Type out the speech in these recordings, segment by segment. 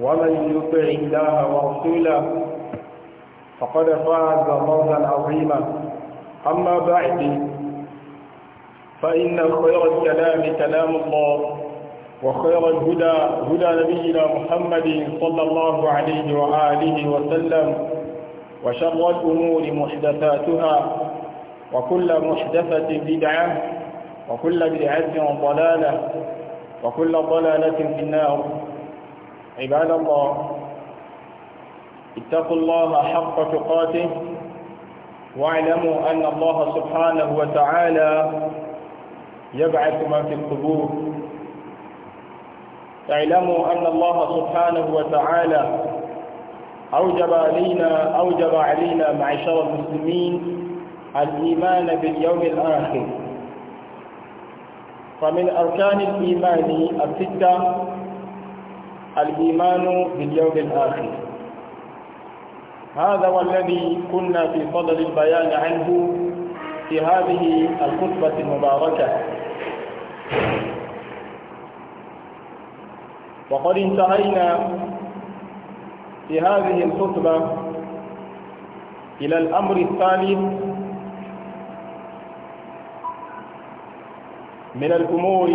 ومن يطع الله ورسوله فقد فاز فوزا عظيما أما بعد فإن خير الكلام كلام الله وخير الهدى هدى نبينا محمد صلى الله عليه وآله وسلم وشر الأمور محدثاتها وكل محدثة بدعة وكل بدعة ضلالة وكل ضلالة في النار عباد الله اتقوا الله حق تقاته واعلموا أن الله سبحانه وتعالى يبعث ما في القبور اعلموا أن الله سبحانه وتعالى أوجب علينا أوجب علينا معشر المسلمين الإيمان باليوم الآخر فمن أركان الإيمان الستة الإيمان باليوم الآخر هذا والذي كنا في فضل البيان عنه في هذه الخطبة المباركة وقد انتهينا في هذه الخطبة إلى الأمر الثالث من الأمور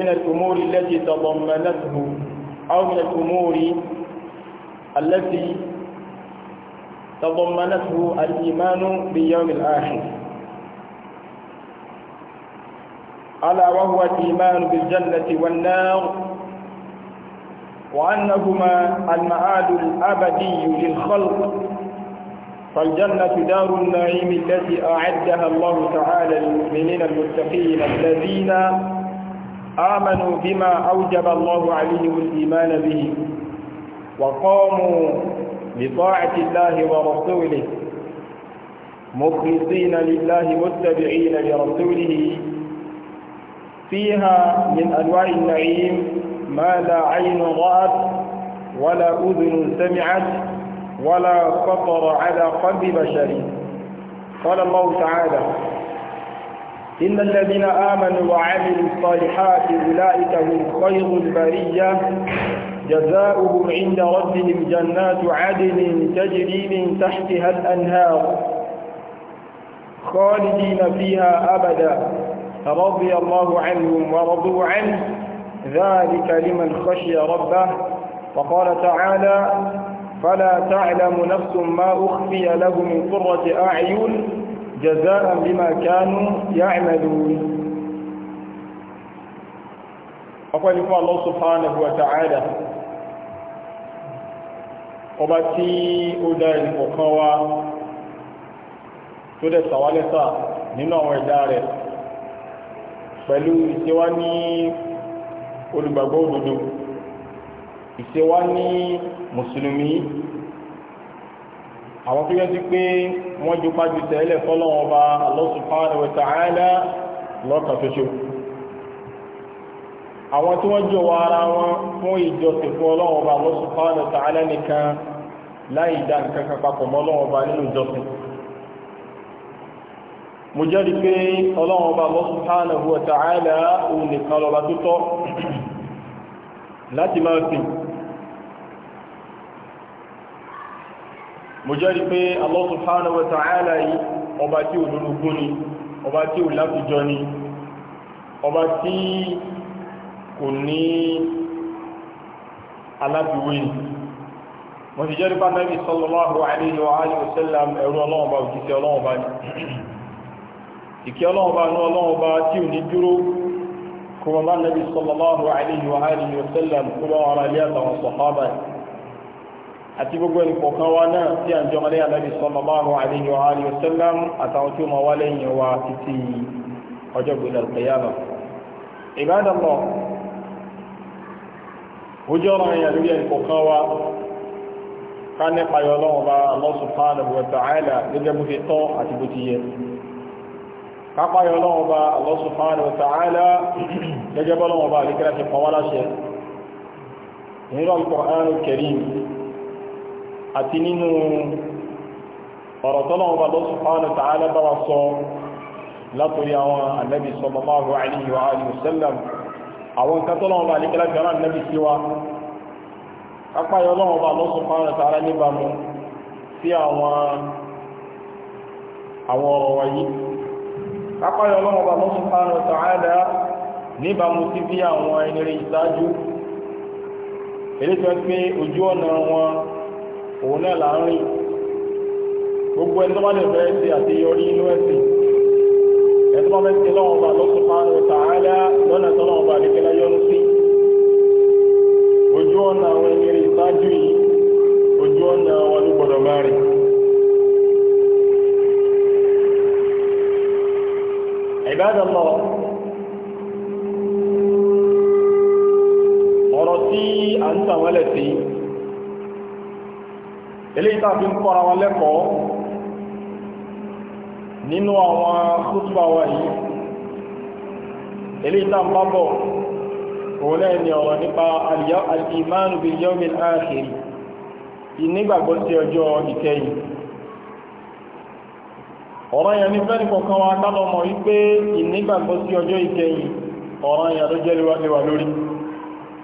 من الأمور التي تضمنته أو من الأمور التي تضمنته الإيمان باليوم الآخر ألا وهو الإيمان بالجنة والنار وأنهما المعاد الأبدي للخلق فالجنة دار النعيم التي أعدها الله تعالى للمؤمنين المتقين الذين آمنوا بما أوجب الله عليهم الإيمان به وقاموا بطاعة الله ورسوله مخلصين لله متبعين لرسوله فيها من أنواع النعيم ما لا عين رأت ولا أذن سمعت ولا خطر على قلب بشر قال الله تعالى إن الذين آمنوا وعملوا الصالحات أولئك هم خير البرية جزاؤهم عند ربهم جنات عدن تجري من تحتها الأنهار خالدين فيها أبدا رضي الله عنهم ورضوا عنه ذلك لمن خشي ربه وقال تعالى فلا تعلم نفس ما أخفي له من قرة أعين جزاء بما كانوا يعملون ọpẹ́ ni fún Allah subhanahu wa ta'ala ọba tí ó dá ẹnìkọ̀ọ̀kan wa tó dẹ̀ sàwálẹ́sà nínú àwọn ẹ̀dá rẹ̀ pẹ̀lú ìṣẹ́wá ní olùgbàgbọ́ òdodo ìṣẹ́wá ní mùsùlùmí àwọn tó yẹ sí pé wọ́n ju pàjù tẹ́lẹ̀ fọ́lọ́wọ́n ọba Allah subhanahu wa ta'ala lọ́kàn ṣoṣo àwọn tí wọ́n jọ wọ ara wọn fún ìjọsìn fún ọlọ́wọ́n ọba Allah subhanahu wa ta'ala nìkan láì dá nǹkan kan papọ̀ mọ́ ọlọ́wọ́n ọba nínú ìjọsìn mo jẹ́rí pé ọlọ́run ọba subhanahu wa ta'ala òun nìkan lọ́ba tó tọ́ láti máa sìn mo jẹ́rí pé Allah subhanahu wa ta'ala yìí ọba tí ò lórúkún ni ọba tí ò láfijọ́ ni ọba tí kò ní aláfiwé ni mo ti jẹ́rí pé Ànábì sallallahu alayhi wa alihi wa sallam ẹ̀rú ọlọ́ọ̀ba òjíṣẹ́ ọlọ́ọ̀ba ni ìkẹ́ ọlọ́ọ̀ba ní ọlọ́ọ̀ba tí ò ní dúró kó bá Ànábì sallallahu alayhi wa sallam kó bá wọn àti gbogbo ẹnìkọ̀ọ̀kan wa náà tí a ń jọ mọ́lẹ́ ànábì sallallahu alaihi wa alihi wa sallam àtàwọn tí ó máa wá lẹ́yìn wa títí ọjọ́ gbogbo al-qiyamah Ibadallah ojú ọ̀rọ̀ ẹ̀yà lórí ẹnìkọ̀ọ̀kan wa ká nípa yọ lọ́wọ́ bá Allah subhanahu wa ta'ala gẹ́gẹ́ bó ti tọ́ àti bó ti yẹ kápá yọ lọ́wọ́ bá Allah subhanahu wa ta'ala gẹ́gẹ́ bọ́ lọ́wọ́ bá àríkẹ́rẹ́ ti pọ̀ wá láṣẹ nínú al-Qur'an al-Karim àti nínú ọ̀rọ̀ tọ́lọ́wọ́ bá subhanahu wa ta'ala bá wa sọ látòrí àwọn annabi sallallahu alaihi wa alihi wasallam àwọn nǹkan tọ́lọ́wọ́ bá nígbàlá jọra annabi sí wa kápáyọ lọ́wọ́ bá subhanahu wa ta'ala níbàmú sí àwọn ọ̀rọ̀ wáyé kápáyọ lọ́wọ́ bá subhanahu wa ta'ala bí àwọn ẹni rí ìsáájú èlé tó ń pé ojú ọ̀nà wọn òun náà là ń rìn gbogbo ẹni tó bá lè fẹ́ ṣe àṣeyọrí inú ẹ̀sìn ẹni tó bá fẹ́ ṣe lọ́wọ́ bá lọ́sùn fáánù tààlà lọ́nà tó lọ́wọ́ bá nìkẹ́lẹ́ yọnu sí ojú ọ̀nà àwọn ẹni rí ìsáájú yìí ojú ọ̀nà àwọn ló gbọ́dọ̀ máa rìn. Ibadallah ọ̀rọ̀ tí à ń tàwọn ẹlẹ́sìn eléyìí tàbí ń kọ́ra wọn lẹ́kọ̀ọ́ nínú àwọn kútùbà wa yìí eléyìí tàbí bá bọ̀ òun náà ni ọ̀rọ̀ nípa al-imanu bil yawmil akhir ìnígbàgbọ́ sí ọjọ́ ìkẹyìn ọ̀rọ̀ yẹn ní fẹ́ni kọ̀ọ̀kan wa tánà mọ̀ wípé ìnígbàgbọ́ sí ọjọ́ ìkẹyìn ọ̀rọ̀ yẹn ló jẹ́ lórí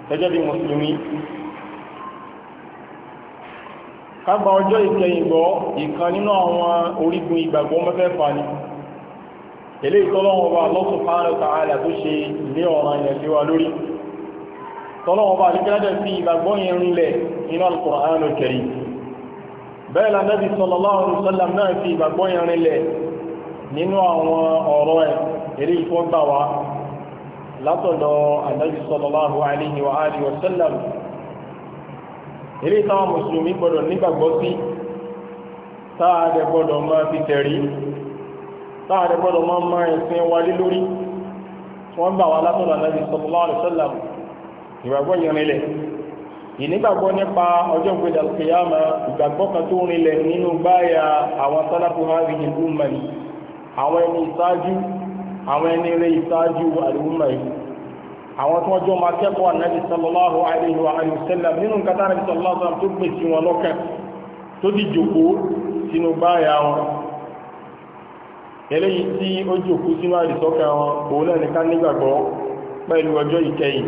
gẹ́gẹ́ bí mùsùlùmí kágbà ọjọ́ ìkẹyìnbọ̀ ìkan nínú àwọn orígun ìgbàgbọ́ mẹ́fẹ́ fani ilé ìtọ́lọ́wọ́ba Allah subhanahu wa ta'ala tó ṣe ilé ọ̀ràn ilẹ̀ tí wà lórí tọ́lọ́wọ́ba alìkẹ́lẹ́dẹ̀ fi ìgbàgbọ́ yẹn rinlẹ̀ inú al-Qur'an al-Karim bẹ́ẹ̀ la Nabi sallallahu alaihi wasallam náà fi ìgbàgbọ́ yẹn rinlẹ̀ nínú àwọn ọ̀rọ̀ ẹ̀ eré ilé táwọn mùsùlùmí gbọdọ̀ nígbàgbọ́ sí táàdẹ gbọdọ̀ máa fi tẹ̀rí táàdẹ gbọdọ̀ máa máa ẹ̀sìn wa lé lórí wọ́n bá wa látọ̀dọ̀ Ànábì sallallahu alaihi wasallam ìgbàgbọ́ ìrìnlẹ̀ ìnígbàgbọ́ nípa ọjọ́ ìgbèdà kìyàmà ìgbàgbọ́ kan tó rinlẹ̀ nínú báyà àwọn sálàfù hàbìyì ummah àwọn ẹni ìsáájú àwọn àwọn tí wọ́n jọ máa kẹ́kọ̀ọ́ ànábì sallallahu alayhi wa sallam nínú nǹkan tá ànábì sallallahu alayhi wa tó gbè sí wọn lọ́kàn tó di jòkó sínú báyà wọn eléyìí tí ó jòkó sínú àdìsọ́kà wọn òun náà nìkan nígbàgbọ́ pẹ̀lú ọjọ́ ìkẹyìn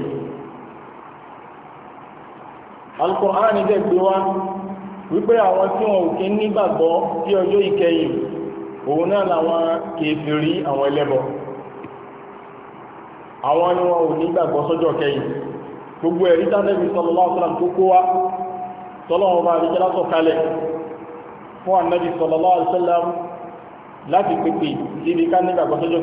Al-Qur'an dẹ̀ gbé wá wípé àwọn tí wọn ò kí nígbàgbọ́ sí ọjọ́ ìkẹyìn òun náà làwọn kèfèrí àwọn ẹlẹ́bọ̀ọ́ àwọn ni wọn ò nígbàgbọ́ sọ́jọ́ kẹyìn gbogbo ẹ̀rí tánẹ́bí sallallahu alaihi wasallam tó kó wá tọ́lọ́wọ́ bá rí jẹ́lá sọ̀kalẹ̀ fún ànábì sallallahu alaihi wasallam láti pèpè síbi ká nígbàgbọ́ sọ́jọ́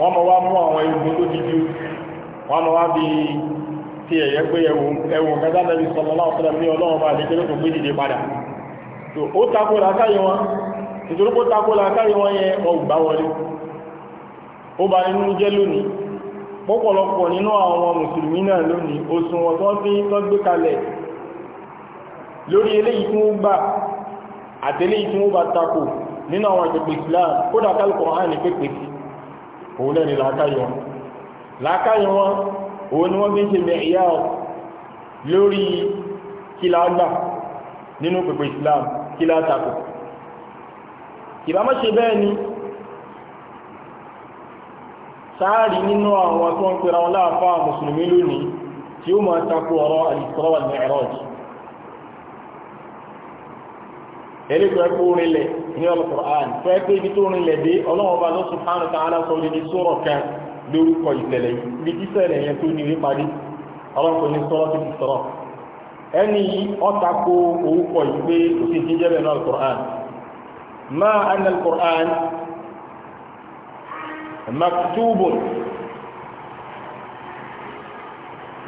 wọ́n mọ̀ wá mú àwọn egun tó ti ju wọ́n mọ̀ wá bí ti ẹ̀yẹ pé ẹwùn kẹta lẹ́bi sọ̀rọ̀ láwọn fẹ́lẹ̀ ní ọlọ́run bá àdékẹ́lẹ́ tó gbé dìde padà tó ó takò làákàyè wọn nítorí pé ó takò làákàyè wọn yẹn wọn ò gbá wọlé ó ba nínú jẹ́ lónìí pọ́pọ̀lọpọ̀ nínú àwọn mùsùlùmí náà lónìí òṣùwọ̀n tó fi tọ́ gbé kalẹ̀ lórí eléyìí tí wọ́n gbà àtẹ́lẹ́yìí tí wọ́n bá takò nínú àwọn ìpèpè Islam kódà kálukọ̀ hàn ní pèpè sí òun náà ni làákàyè wọn làákàyè wọn òun ni wọ́n fi ń ṣe mẹ̀ẹ́yà lórí kílá nínú pẹ̀pẹ̀ Islam kílá tako ìbámọ́ ṣe bẹ́ẹ̀ ni sáàrí nínú àwọn tó ń pèrà wọn láàfáà mùsùlùmí lónìí tí ó máa tako ọ̀rọ̀ al-Isra wal ní alukur'an fẹ́ pé ibi tó rìn lẹ́dí ọlọ́run bá lọ subhanahu wa ta'ala sọ ní sọ́rọ̀ kan lórúkọ ìṣẹ̀lẹ̀ ibi tí ṣẹlẹ̀ yẹn tó ní orí parí ọlọ́run kò ní sọ́rọ̀ tó ti sọ́rọ̀ ẹni ọta ko orúkọ yìí pé kò sí ti jẹ́bẹ̀ ní alukur'an ma an alukur'an maktubun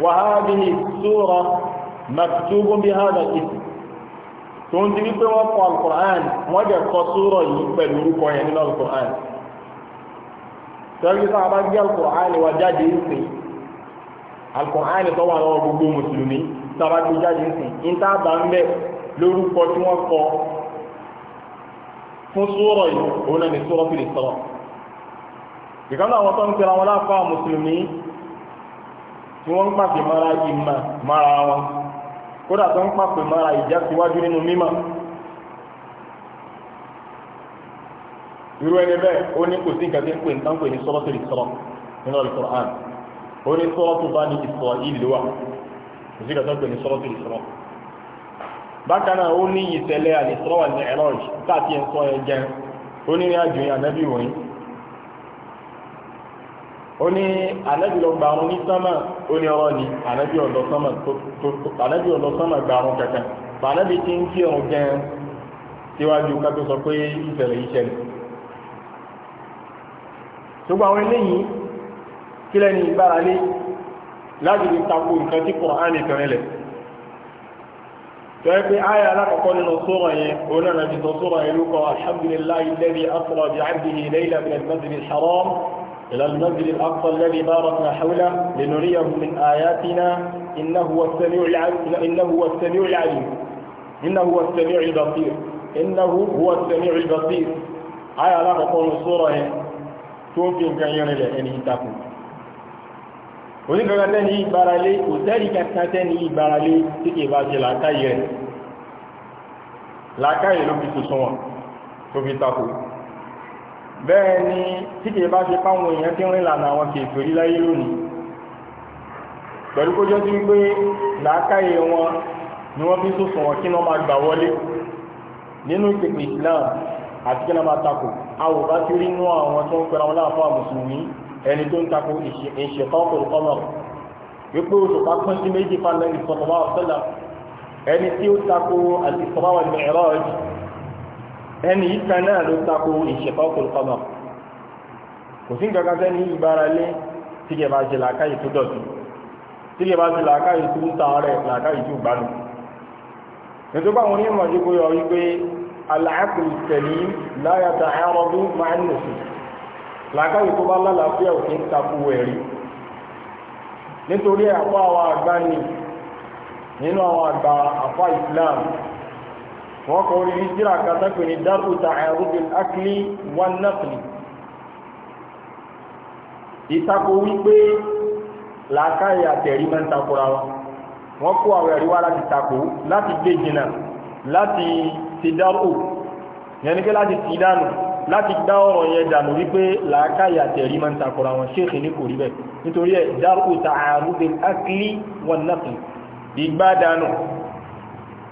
wa hadhihi sura maktubun bi hadha al-ism tó ń di wípé wọ́n kọ alukur'an wọ́n jẹ́ kọ sóòrọ̀ yìí pẹ̀lú orúkọ yẹn nínú alukur'an tẹ́lẹ̀ sábà bá gbé alukur'an wa jáde ìsì alukur'an tó wà lọ́wọ́ gbogbo mùsùlùmí sábà gbé jáde ìsì ní tá a bá ń bẹ̀ lórúkọ tí wọ́n kọ fún sóòrọ̀ yìí òun náà ní sóòrọ̀ fìlì sọ̀rọ̀ ìkànnì àwọn tó ń tẹ̀ra wọn láfa mùsùlùmí tí wọ́n ń pàṣẹ mara yìí mara wọn kódà tó ń pàpè mara ìjà síwájú nínú mímọ̀ irú ẹni bẹ́ẹ̀ ó ní kò sí nǹkan tí ń pè nǹkan pè ní sọ́rọ́tò ìsọ́rọ́ nínú Al-Qur'an ó ní sọ́rọ́tò bá ní ìsọ̀rọ̀ ìlú wa kò sí nǹkan pè ní sọ́rọ́tò ìsọ́rọ́ bákan náà ó ní ìṣẹ̀lẹ̀ al-Isra wal-Mi'raj táàkì ń sọ ẹ̀ jẹun ó ní ní àjòyìn ànábì wọ̀nyí ó ní ànábì lọ gbàrún ní sánmà ó ní ọ̀rọ̀ ni ànábì ọ̀dọ̀ sánmà gbàrún kankan ànábì ti ń kí ọ̀run gan síwájú ká tó sọ pé ìṣẹ̀lẹ̀ ìṣẹ̀lẹ̀ ṣùgbọ́n àwọn eléyìí kílẹ̀ ní ìgbára lé láti rí tako nǹkan tí Kùránì tẹ̀rẹ̀lẹ̀ tọ́yẹ́ pé ayà alákọ̀ọ́kọ́ nínú sura yẹn onára ti sọ sura yẹn lókọ alhamdulillahi alladhi asra bi 'abdihi laylan min al-masjid al-haram إلى المسجد الأقصى الذي باركنا حوله لنريه من آياتنا إنه هو السميع العليم إنه هو السميع العليم إنه هو السميع البصير إنه هو السميع البصير آية على قول الصورة توفي كان لأن يتقوا onígbàgbà tẹ́ni ìgbàralé kò sẹ́rì kẹta tẹ́ni ìgbàralé tí kì bá ṣe làákàyè rẹ̀ làákàyè ló fi sọ bẹ́ẹ̀ ni tí kìí bá ṣe páwọn èèyàn tí ń rìn lànà àwọn kèfèrí láyé lónìí pẹ̀lú kójọ́ sí wípé làákàyè wọn ni wọ́n fi sòsùn wọn kí wọ́n máa gbà wọlé nínú ìpèpè Islam àti kí wọ́n máa takò a ò bá ti rí inú àwọn tó ń pẹ̀lú àwọn láàfọ́ àmùsùlùmí ẹni tó ń takò ìṣẹ̀kọ́ kòròkọ́mọ̀ wípé òṣùpá pín sí méjì fún alẹ́ ìsọ̀tọ̀ ẹni tí ó takò àti ìsọ̀tọ̀ ẹni ìta náà ló tako ìṣẹ̀kọ́kùn kọ́mọ̀ kò sí nǹkan kásẹ́ ní ìbára lé tíkẹ̀ bá ṣe làákàyè tó dọ̀tí tíkẹ̀ bá ṣe làákàyè tó ń ta rẹ̀ làákàyè tó gbádùn nítorí báwọn onímọ̀ yọ wípé aláàkùn tẹ̀lé wọ́n kọ orí hijira katakù ní dáru ta'arudil akli wan naqli ìtakò wípé làákàyè àtẹ̀rí máa ń takora wa wọ́n kó àwọn ẹ̀rí wá láti takò láti gbé jìnnà láti ti dáru yẹni pé láti ti dànù láti dá ọ̀rọ̀ yẹn dànù wípé làákàyè àtẹ̀rí máa akli wan naqli ìgbádànù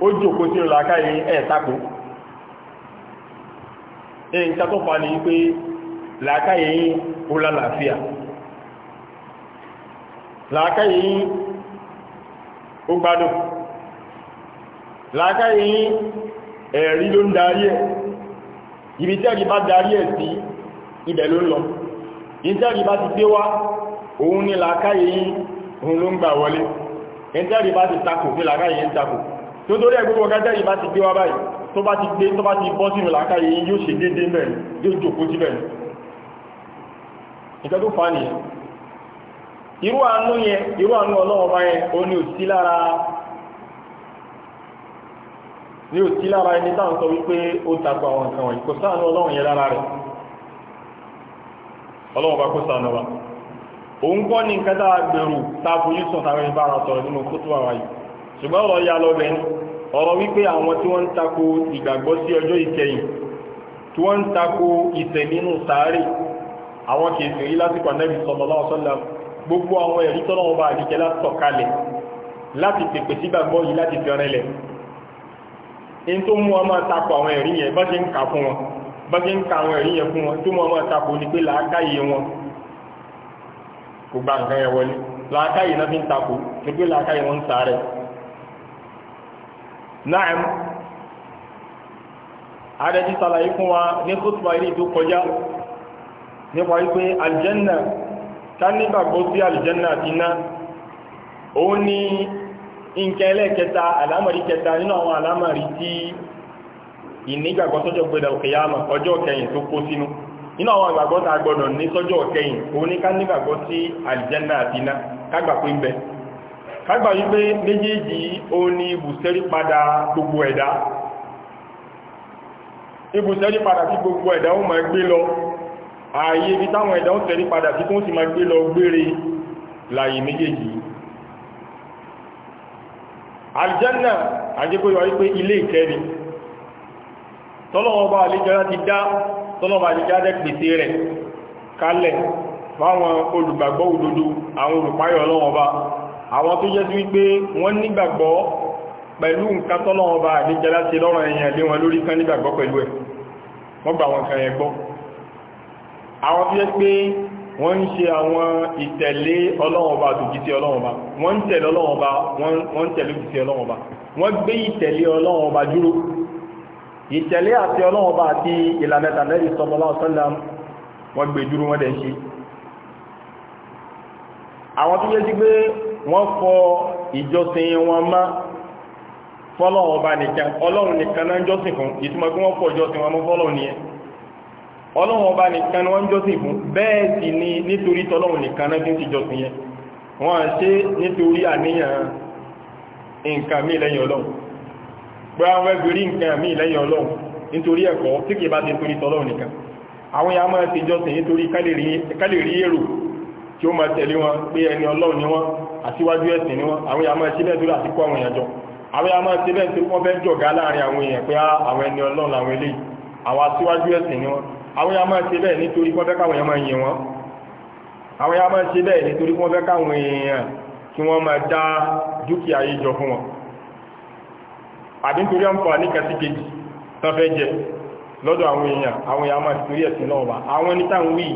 ó jòkó sínú làákàyè ẹ̀ tako ẹ̀ ń takọ́ fa ni pé làákàyè yín ó lálàáfíà làákàyè yín ó gbádùn làákàyè yín ẹ̀rí ló ń darí ẹ̀ ibi tí ẹ̀rí bá darí ẹ̀ sí ibẹ̀ ló lọ ibi tí ti gbé wá òun ni làákàyè yín ló ń gbà wọlé ibi tí ti takò ní làákàyè yín takò tó torí ẹ̀ gbogbo ọgájá yìí bá ti gbé wá báyìí tó bá ti gbé tó bá ti bọ́ sínú làákàyè yóò ṣe déédéé mẹ́rin yóò jòkó jí mẹ́rin nǹkan tó fà á nìyẹn irú àánú yẹn irú àánú ọlọ́wọ́ bá yẹn ó ní òsí lára ní òsí lára ẹni táwọn sọ wípé ó tako àwọn nǹkan wọ̀nyí kò sáànú ọlọ́wọ́ yẹn lára rẹ̀ ọlọ́wọ́ bá kó sáànú wa òun kọ́ ní nǹkan tá a gbèrú tá a fojú sùn táwọn ẹni bá ara sọ̀rọ̀ nínú kótó àwa yìí ṣùgbọ́n ọ̀rọ̀ ya lọ bẹ́ẹ̀ ọ̀rọ̀ wípé àwọn tí wọ́n ń tako ìgbàgbọ́ sí ọjọ́ ìkẹyìn tí wọ́n ń tako ìtẹ̀ nínú sàárè àwọn kèèsì rí lásìkò anẹ́bì sallallahu alaihi wasallam gbogbo àwọn ẹ̀rí tọ́lọ́wọ́ bá àdíkẹ́ látọ̀kalẹ̀ láti pèpè sí gbàgbọ́ yìí láti fi ọrẹ́lẹ̀ in tó mú ọmọ tako àwọn ẹ̀rí yẹn bá ṣe ń kà fún wọn bá ṣe ń kò gba nǹkan yẹn wọlé làákàyè náà fi ń tako ní pé làákàyè ń sàárẹ̀ Naam adẹ́jí sàlàyé fún wa ní kútùbà ilé tó kọjá nípa wípé aljanna ká nígbàgbọ́ sí aljanna àti iná ni kẹta alámàrí kẹta nínú àwọn alámàrí tí ìnígbàgbọ́ sọ́jọ́ gbẹ̀dẹ̀ kẹyìn tó kó sínú nínú àwọn àgbàgbọ́ ni aljanna ka kágbà yí pé méjèèjì o ní ibùsẹ́rí padà gbogbo ẹ̀dá ibùsẹ́rí padà tí gbogbo ẹ̀dá ó máa gbé lọ ààyè ibi táwọn ẹ̀dá ó sẹ́rí padà tí kún sí máa gbé lọ gbére láyé méjèèjì aljanna àjẹ́kóyọ̀ wípé ilé ìkẹ́ni tọ́lọ́wọ́ bá àlejọ́lá ti dá tọ́lọ́wọ́ àlejọ́lá pèsè rẹ̀ kalẹ̀ fáwọn olùgbàgbọ́ òdodo àwọn olùpáyọ̀ ọlọ́wọ́ ba àwọn tó jẹ́ sí wípé wọ́n nígbàgbọ́ pẹ̀lú nǹkan tọ́lọ́wọ́ bá àdíjẹ́ láti lọ́rọ̀ èèyàn lé wọn lórí kan nígbàgbọ́ pẹ̀lú ẹ̀ wọ́n gbà wọn kan yẹn gbọ́ àwọn tó jẹ́ pé wọ́n ń ṣe àwọn ìtẹ̀lé ọlọ́wọ́ba àtòjíṣẹ́ ọlọ́wọ́ba wọ́n ń tẹ̀lé ọlọ́wọ́ba wọ́n ń tẹ̀lé òjíṣẹ́ ọlọ́wọ́ba wọ́n gbé ìtẹ̀lé ọlọ́wọ́ba dúró ìtẹ̀lé àti ọlọ́wọ́ba àti ìlànà tàbí sọmọlá ọ̀sánlá wọ́n gbé dúró wọ́n dẹ̀ ń ṣe àwọn tó yẹ sí pé wọ́n fọ́ ìjọsìn wọn má fọ́lọ́wọ́ ọba nìkan ọlọ́run nìkan náà ń fún ìtumọ̀ wọ́n fọ́ ìjọsìn wọn mọ́ fọ́lọ́run nìyẹn ọlọ́run ọba nìkan wọ́n fún bẹ́ẹ̀ sì nítorí tọ́lọ́run nìkan náà fi ń jọ́sìn yẹn wọ́n á ṣe nítorí àníyàn nǹkan mí lẹ́yìn ọlọ́run pé àwọn nǹkan mí lẹ́yìn ọlọ́run nítorí ẹ̀kọ́ tí aṣíwájú ẹ̀sìn ni wọ́n àwọn èèyàn máa ṣe bẹ́ẹ̀ tó láti kó àwọn èèyàn jọ àwọn èèyàn máa ṣe bẹ́ẹ̀ tó wọ́n fẹ́ jọ̀gá láàrin àwọn èèyàn pé ah, àwọn ẹni ọlọ́run làwọn eléyìí àwọn aṣíwájú ẹ̀sìn ni wọ́n àwọn èèyàn máa ṣe bẹ́ẹ̀ nítorí wọ́n fẹ́ káwọn èèyàn máa yìn wọ́n àwọn èèyàn máa ṣe bẹ́ẹ̀ nítorí wọ́n fẹ́ káwọn èèyàn kí wọ́n máa dá dúkìá yìí jọ fún wọn àbí nítorí àǹfààní kàtí kejì tán fẹ́ jẹ lọ́dọ̀ àwọn èèyàn àwọn èèyàn máa ẹ̀sìn náà wà àwọn ní táwọn wíì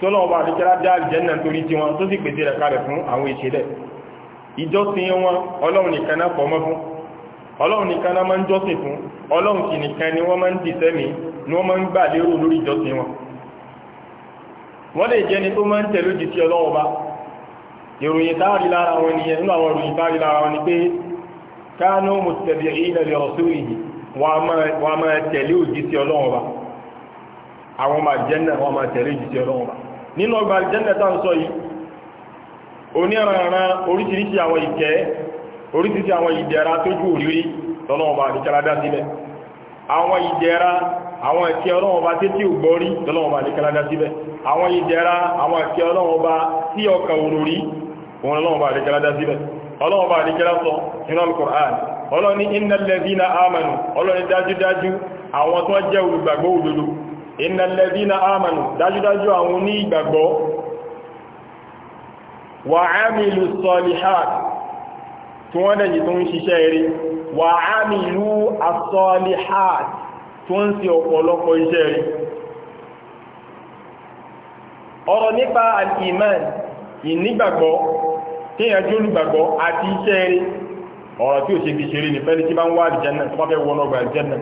tọ́lọ́wọ́ bá àdíkẹ́lá dá àlìjẹ́nà torí tí wọn tó sì pèsè rẹ̀ kalẹ̀ fún àwọn ìṣẹ́lẹ̀ ìjọsìn wọn ọlọ́run nìkan náà fọmọ́ fún ọlọ́run ni wọ́n máa ń dìsẹ́mì ni wọ́n máa ń gbà lérò lórí ìjọsìn wọn wọ́n lè jẹ́ni tó máa ń tẹ̀lé jù sí ọlọ́wọ́ bá ìròyìn táàrí lára wọn ni nínú àwọn ìròyìn táàrí lára wọn ni òjì sí ọlọ́wọ́ àwọn máa jẹ́ náà wọ́n máa tẹ̀lé òjì sí ọlọ́wọ́ nínú ọgbà àlìjẹ́nà tá ń sọ yìí oníranran oríṣiríṣi àwọn ìkẹ́ oríṣiríṣi àwọn ìdẹ̀ra tójú òrírí tọ́nà ọba àdìkẹ́lá dá síbẹ̀ àwọn ìdẹ̀ra àwọn ẹ̀kẹ́ ọlọ́wọ́n bá tí ò gbọ́rí tọ́lọ́wọ́n bá àdìkẹ́lá dá síbẹ̀ àwọn ìdẹ̀ra àwọn ẹ̀kẹ́ ọlọ́wọ́n bá tí ọkà òrórí òun ọlọ́wọ́n bá àdìkẹ́lá dá síbẹ̀ ọlọ́wọ́n bá àdìkẹ́lá sọ nínú al-Qur'an ọlọ́ni innal ladhina amanu ọlọ́ni dájúdájú àwọn tó iná lẹ́bí na ámànù dájúdájú àwọn oní ìgbàgbọ́ wà ámìlú sọlihát tí wọ́n dẹ̀yìn tó ń ṣiṣẹ́ eré wà ámìlú asọlihát tó ń ṣe ọ̀pọ̀lọpọ̀ iṣẹ́ eré ọ̀rọ̀ nípa al-iman ìnígbàgbọ́ tí ìyànjú olùgbàgbọ́ àti iṣẹ́ eré ọ̀rọ̀ tí ò ṣe fi ṣeré ní tí bá ń wá àlìjẹ́nà tó bá fẹ́ wọ́n ọgbà àlìjẹ́nà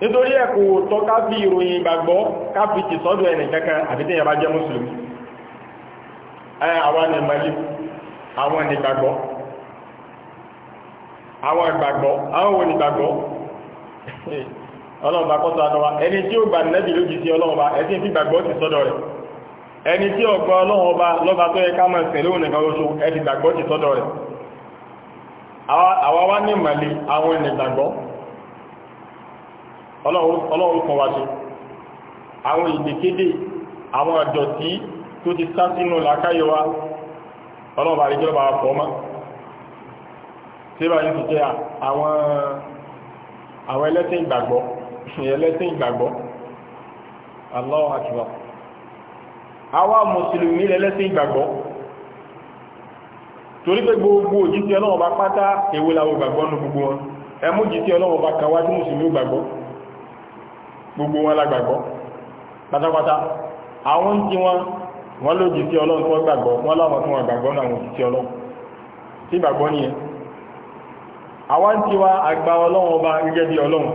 nítorí ẹ̀ kò tọ́ ká fi ìròyìn ìgbàgbọ́ ká fi ti sọ́dọ̀ ẹni kankan àbí tí ìyàbá jẹ́ mùsùlùmí àwọn ìmọ̀lẹ́ àwọn ìgbàgbọ́ àwọn ìgbàgbọ́ àwọn òun ìgbàgbọ́ ọlọ́ọ̀bá kọ́sọ́ àtọwà ẹni tí ó gbà nẹ́bì lójú sí ọlọ́ọ̀bá ẹ̀sìn tí gbàgbọ́ ti sọ́dọ̀ ọlọ́run kan wá sí àwọn ìdèkéde àwọn àjọ̀tí tó ti sá sínú làkáyẹ wa ọlọ́run bá rí jẹ́ bàbá fọ́ mọ́ tí bá yìí ti jẹ́ àwọn ẹlẹ́sìn ìgbàgbọ́ ẹlẹ́sìn ìgbàgbọ́ Allahu akbar àwa mùsùlùmí lẹ́lẹ́sìn ìgbàgbọ́ torí pé gbogbo òjíṣẹ́ ọlọ́run bá pátá èwo làwọn ìgbàgbọ́ nù gbogbo wọn ẹmú òjíṣẹ́ ọlọ́run bá kàwájú mùsùlùmí ìgbàgbọ́ gbogbo wọn lágbàgbọ́ pátápátá àwọn tí wọn wọn lòdì sí ọlọ́run gbàgbọ́ wọn láwọn tí wọ́n gbàgbọ́ náà wọ́n sí ọlọ́run tí gbàgbọ́ nìyẹn àwọn tí wa àgbà ọlọ́run gẹ́gẹ́ bí ọlọ́run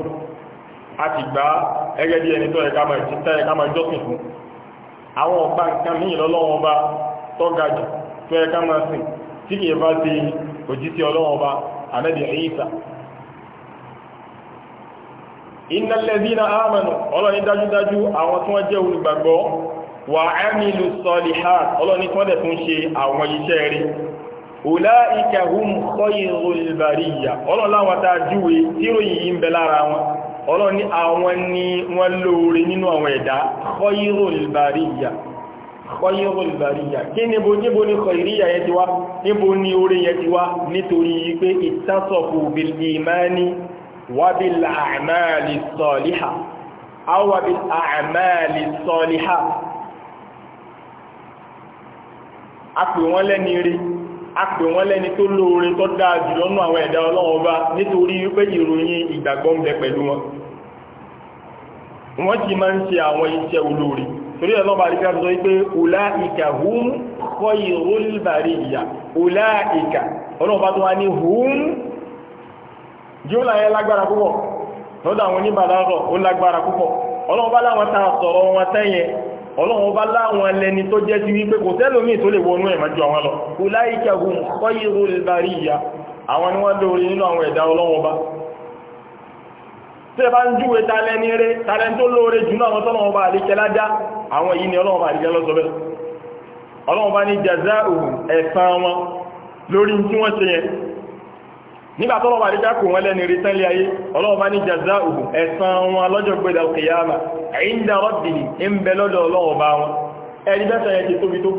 a ti gbà gẹ́gẹ́ bí ẹni tó ẹ̀ka máa jọ́sìn fún iná lẹ́bínà àmànù ọlọ́ni dájúdájú àwọn tí wọ́n jẹ́ olùgbàgbọ́ wà ámìlù sọ́lìhà ọlọ́ni tí wọ́n dẹ̀ tún ṣe àwọn iṣẹ́ rí òlá ìkẹhùn kọ́yìnrùlbàríyà ọlọ́láwọn tá júwe tíròyìn yìí ń bẹ lára wọn ọlọ́ni àwọn ni wọ́n lóore nínú àwọn ẹ̀dá kọ́yìnrùlbàríyà wabil a'mali salihah aw wabil a'mali salihah a pè wọ́n lẹ́ni rí a pè wọ́n lẹ́ni tó lóore tó dáa jùlọ nínú àwọn ẹ̀dá Ọlọ́run Ọba nítorí wípé ìròyìn ìgbàgbọ́ ń bẹ pẹ̀lú wọn wọ́n ti máa ń ṣe àwọn iṣẹ́ olóore torí ẹ̀lọ́ bá ríkà sọ wípé ulaika hum khayrul bariyya ulaika Ọlọ́run bá tó wá ní hum jùlọ yẹn lágbára púpọ̀ lọ́dọ̀ àwọn oníbàlárọ̀ ó lágbára púpọ̀ ọlọ́run bá láwọn ta sọ̀rọ̀ wọn tẹ́yẹn ọlọ́run bá láwọn ẹlẹni tó jẹ́ sí wípé kò sẹ́lòmí tó lè wọnú ẹ̀ májú àwọn lọ kò láìkẹ́ hùn kọ́yìrò ìbárí awon ni wọ́n lórí nínú àwọn ẹ̀dá ọlọ́run bá ní nígbà tó lọ́wọ́ àdíjá kò wọ́n lẹ́ni retán lé ayé ọlọ́wọ́ ní jaza òhùn ẹ̀san wọn lọ́jọ́ gbẹ̀dà òkèyàmà ẹ̀yìndà rọ́bìnì ń bẹ lọ́dọ̀ ọlọ́wọ́ bá wọn ẹni bẹ́sẹ̀ yẹ ti tóbi tó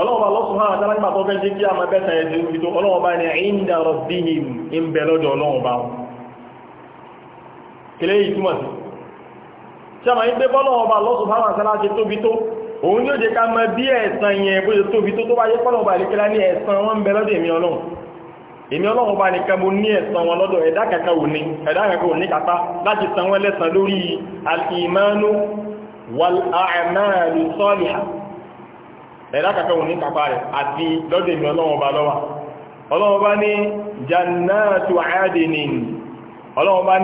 ọlọ́wọ́ lọ́sùn hàn àtàrà nígbà tó fẹ́ jẹ́ kí a máa bẹ́sẹ̀ yẹ ti tóbi tó ọlọ́wọ́ bá ní ẹ̀yìndà rọ́bìnì ń bẹ lọ́dọ̀ ọlọ́wọ́ bá wọn kìlẹ̀ yìí túmọ̀ òun yóò jẹ́ ká mọ bí ẹ̀san yẹn bó ṣe tóbi tó tó bá yẹ pọ́lọ́wọ́ bá lè ní ẹ̀san wọn ń bẹ lọ́dọ̀ ọlọ́run èmi ọlọ́run bá nìkan mo ní ẹ̀san wọn lọ́dọ̀ ẹ̀dá kankan ò ní ẹ̀dá kankan ò ní kápá láti san wọ́n lẹ́san lórí al-imanu wal-a'malu salihah ẹ̀dá kankan ò ní kápá rẹ̀ àti lọ́dọ̀ èmi ọlọ́run bá lọ́wà ọlọ́run bá ní jannatu adinin ọlọ́run bá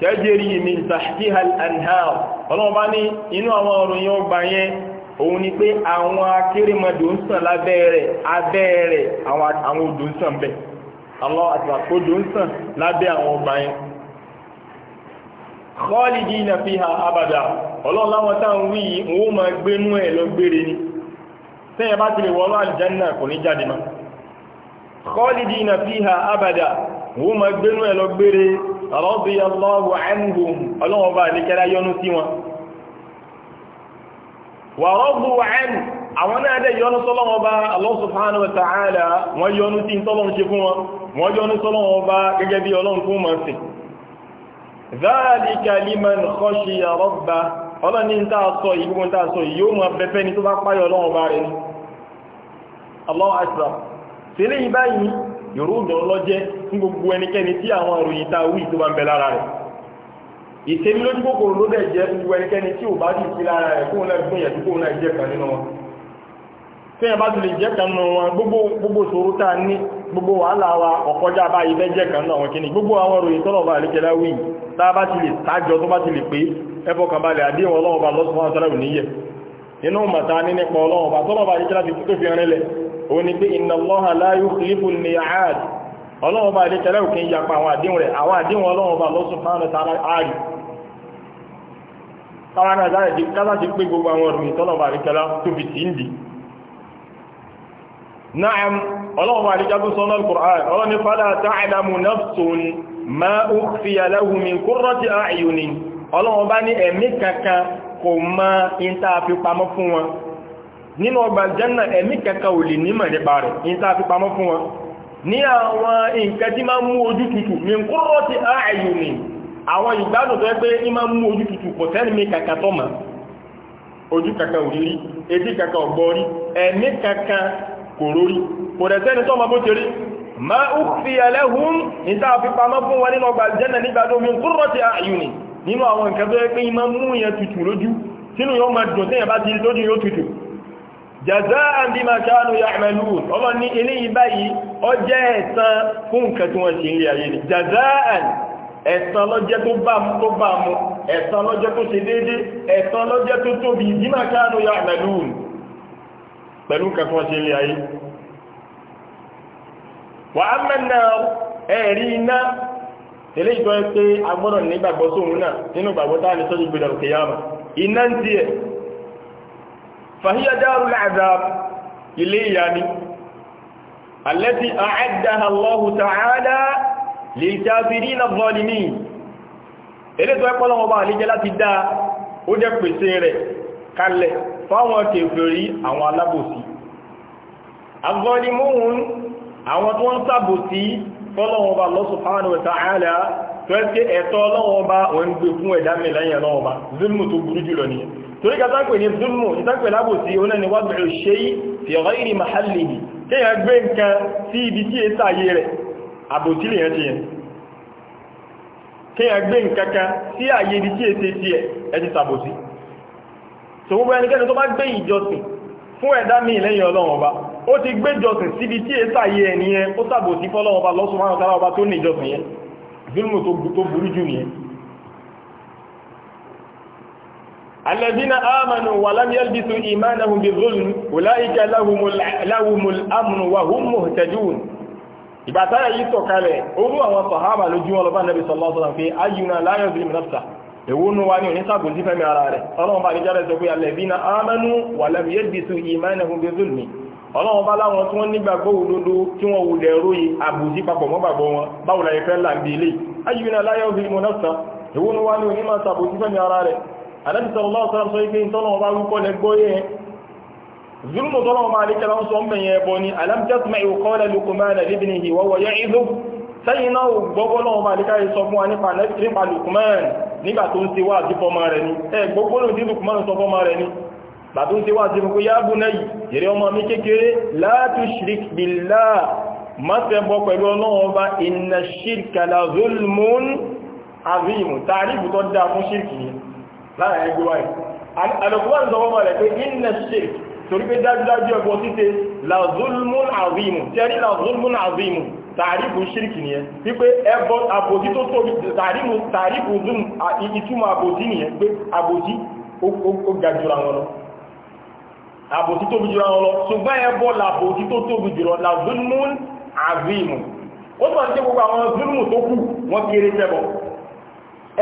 tẹ́jẹ̀rí min tahtiha al-anhar ọlọ́ọ̀bá ní inú àwọn ọ̀rùn yóò gbà yẹn òun ni pé àwọn akérèmọdò ń sàn lábẹ́ rẹ̀ abẹ́ rẹ̀ àwọn odò ń sàn bẹ̀ àwọn àtàkódò ń sàn lábẹ́ àwọn ọgbà yẹn khalidina fiha abada ọlọ́run láwọn wọ́n máa gbénú ẹ̀ lọ gbére radiyallahu anhum ọlọ́wọ́ bá àdékẹ́lá yọ́nú sí wọn wa radu anhu àwọn náà dẹ̀ yọ́nú sọ́lọ́wọ́ bá Allah subhanahu wa ta'ala wọ́n yọ́nú sí tọ́lọ́n ṣe fún wọn wọ́n yọ́nú sọ́lọ́wọ́ bá gẹ́gẹ́ bí ọlọ́run fún mọ̀ sí dhalika liman khashiya rabbah ọlọ́ni ń tàà sọ yìí ìròyìn ọlọ́jẹ́ fún gbogbo ẹnikẹ́ni tí àwọn ìròyìn ta wí tó bá ń bẹ lára rẹ̀ ìṣèlú lójú kòkòrò ló dẹ̀ jẹ́ gbogbo ẹnikẹ́ni tí ò bá dì sí lára rẹ̀ kóun náà náà jẹ́ kan nínú lè jẹ́ kan nínú gbogbo tá a ní gbogbo wàhálà wa ọ̀kọjá báyìí fẹ́ jẹ́ kan gbogbo àwọn ìròyìn tọ́lọ̀ bá wí tá a bá ti lè tájọ tó bá ti lè pé ẹbọ kan ó ní pé inna Allaha la yukhlifu al-mi'ad ọlọ́run bá ilé tẹ́lẹ̀ òkè ń yapa àwọn àdéhùn rẹ̀ àwọn àdéhùn ọlọ́run bá lọ́sùn fáwọn ọ̀tà ààrì káwọn náà dáre kálá ti pé gbogbo àwọn ọ̀rùn ìtọ́nà bá ìkẹlá nínú ọgbà jẹ́nà ẹ̀mí kẹta ò lè nímọ̀ nípa rẹ̀ ní tá a fi pamọ́ fún wọn ní àwọn nǹkan tí máa ń mú ojú tutù ní kúrò ti ààyò ní àwọn ìgbádùn tó pé ní máa ń mú ojú tutù kò sẹ́ni mi kàkà tó mọ̀ ojú kàkà ò rírí etí kàkà ò rí ẹ̀mí kàkà kò rórí kò rẹ̀ sẹ́ni tó bó ti rí ma ó fi ẹlẹ́hùn ní tá a fi pamọ́ fún wọn nínú ọgbà jẹ́nà nígbàdùn mi kúrò ti ààyò ní tí yẹn bá jaza'an bima kanu ya'malun ọlọ́run ní eléyìí báyìí ó jẹ́ ẹ̀san fún nǹkan tí wọ́n ṣe ń rí ayé ni jaza'an ẹ̀san lọ́jẹ́ tó bá mú tó bá mú ẹ̀san lọ́jẹ́ tó ṣe déédé ẹ̀san lọ́jẹ́ tó tóbi bima kanu ṣe فهي دار العذاب إليه يعني التي أعدها الله تعالى للكافرين الظالمين إليه تقول الله أبا لجلة الدار ودك بسيره kalẹ̀ fáwọn kèfèrí àwọn alábòsí agbọ́nimóhun àwọn tó ń sàbòsí fọ́lọ́wọ́ba Allah subhanahu wa ta'ala tó ẹ́ ẹ̀tọ́ ọlọ́wọ́ba òun gbé fún ẹ̀dá mẹ́lẹ́yìn ọlọ́wọ́ba zulmù tó torí ka tánkù ní zulmù ìtánkù lábòsí oná ni wádùn ṣe fi ghairi mahallihi kéèyàn gbé nǹkan sí ibi tí è sáyé rẹ̀ àbòtí lè yẹn ti yẹn kéèyàn gbé nǹkan kan sí àyè ibi tí è ṣe sí ẹ̀ ẹ ti sàbòsí so gbogbo ẹnikẹ́ni tó bá gbé ìjọsìn fún ẹ̀dá mi lẹ́yìn ọlọ́run ọba ó ti gbé ìjọsìn síbi tí è sáyé ẹ̀ nìyẹn ó sàbòsí fọ́lọ́run ọba lọ́sùn márùn-ún tó ní ìjọsìn yẹn zulmù tó burú jù nìyẹn alẹ́dínà àmànù wà lámíyàlbìsù ìmánahùn bí zulm wùláìkà láhùmùl amnu wà hùn muhtadun ìbátáyà yìí tọ̀kalẹ̀ orú àwọn sọ̀hábà lójú wọn lọ́bá nẹ́bí sọlọ́sọ́lá pé ayyuna láyọ̀ zulm nafsa ewu nu wa ni oni sabu nti fẹmi ara rẹ̀ Ọlọ́run bá níjà rẹ sọ pé alẹbínà amanu wà lámíyàlbìsù ìmánahùn bí zulm Ọlọ́run bá láwọn tí wọ́n nígbàgbọ́ òdodo tí wọ́n wulẹ̀ róye àbùsí papọ̀ mọ́ gbàgbọ́ wọn báwo la ìfẹ́ là ń bi ilé ayyuna láyọ̀ zulm nafsa ewu nu wa ni oni máa sabu nti fẹmi ara rẹ̀ ànábì sallallahu alaihi wasallam sọ ike tọ́lọ́wọ́ bá wíkọ́ lẹ gbọ́ yẹ zulmu tọ́lọ́wọ́ máa lè kẹlọ́ sọ mẹ́yẹ ẹbọ ni alam tasma'u qawla Luqman libnihi wa huwa ya'idhuhu sẹ́yìn náà gbọ́gbọ́lọ́wọ́ máa lè káyẹ sọ fún wa nípa Luqman nígbà tó ń ṣe wá àti fọmọ rẹ̀ ni ẹ gbọ́gbọ́lọ́ tí Luqman sọ fọmọ rẹ̀ ni bàtún ṣe wá àti fún ya bunayya jẹ́rẹ́ ọmọ mi kékeré la tushrik billah mọ́sẹ̀bọ pẹ̀lú ọlọ́wọ́ bá inna shirka la zulmun azimu tààrífù tó dáa fún ṣírkì ni lára ẹgbẹ́ wáyé alùpùpù ń sọ fọ́mọ rẹ̀ pé inna shirk torí pé dájúdájú ẹgbọ́ títe la zulmun azimu tẹ́rí la zulmun azimu tàrífù ṣírìkì nìyẹn wípé ẹbọ àbòjí tó tóbi tàrífù zoom ìtumọ̀ àbòjí nìyẹn pé àbòjí ó ga jùra wọn lọ àbòjí tóbi jùra wọn lọ ṣùgbọ́n ẹbọ làbòjí tó tóbi jùlọ la zulmun azimu ó sọ ní gbogbo àwọn zulmu tó kù wọ́n kéré tẹ́bọ̀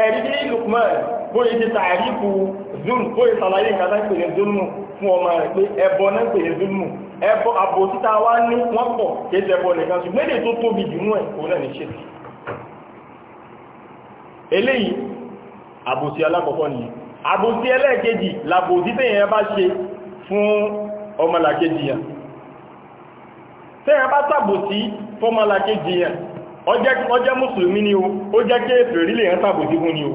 ẹ̀rí Lukman bóyí ti tààríkù zulm bóyí sàlàyé ìkàtà ìpèrè zulmù fún ọmọ rẹ̀ pé ẹbọ náà pèrè zulmù ẹbọ àbò títà wá ní wọ́n pọ̀ kéèsì ẹbọ nìkan sí méjì tó tóbi jù mú ẹ̀ kó náà ní ṣe eléyìí àbòsí alákọ̀ọ́kọ́ nìyí àbòsí ẹlẹ́ẹ̀kejì làbòsí tẹ́yìn ẹ bá ṣe fún ọmọlàkejì yẹn tẹ́yìn bá tàbòsí fọmọlàkejì yẹn ó jẹ́ mùsùlùmí ni o ó jẹ́ kéèfèrí lè yẹn tàbòsí fún ni o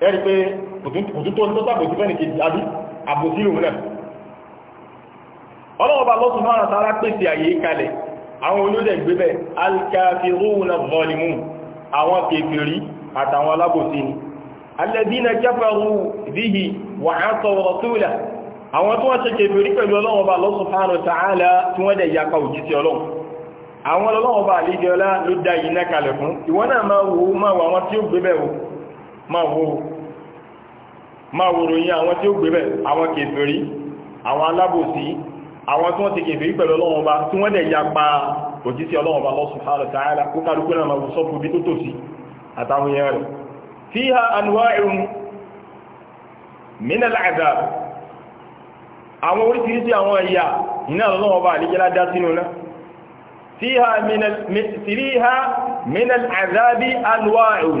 ẹ̀rí pé òtútó tó sàbòsí fẹ́ni kejì àbí àbòsí lòun náà ọlọ́ọ̀bà lọ́sùn náà sára pèsè àyè kalẹ̀ àwọn olóòdẹ̀ ń gbé bẹ̀ alkafiruna zalimun àwọn kèfèrí àtàwọn alábòsí ni alladhina kafaru bihi wa 'asaw rasulahu àwọn tó wọ́n ṣe kèfèrí pẹ̀lú ọlọ́ọ̀bà lọ́sùn náà ta'ala tí wọ́n dẹ̀ yapa òjísí ọlọ́run àwọn ọlọ́ọ̀bà àlejọ́lá ló dá yìí náà kalẹ̀ fún ìwọ́n náà máa wo máa wọ àwọn tí ó gbé bẹ̀ máa wo ròyìn àwọn tí ó gbé bẹ̀ àwọn kèfèrí àwọn alábòsí àwọn tí wọ́n ti kèfèrí pẹ̀lú ọlọ́wọ́n bá tí wọ́n dẹ̀ ya pa òjísí ọlọ́wọ́n bá lọ́sùn fàálọ̀ fiha anwa'un min fiha min al'adabi anwa'un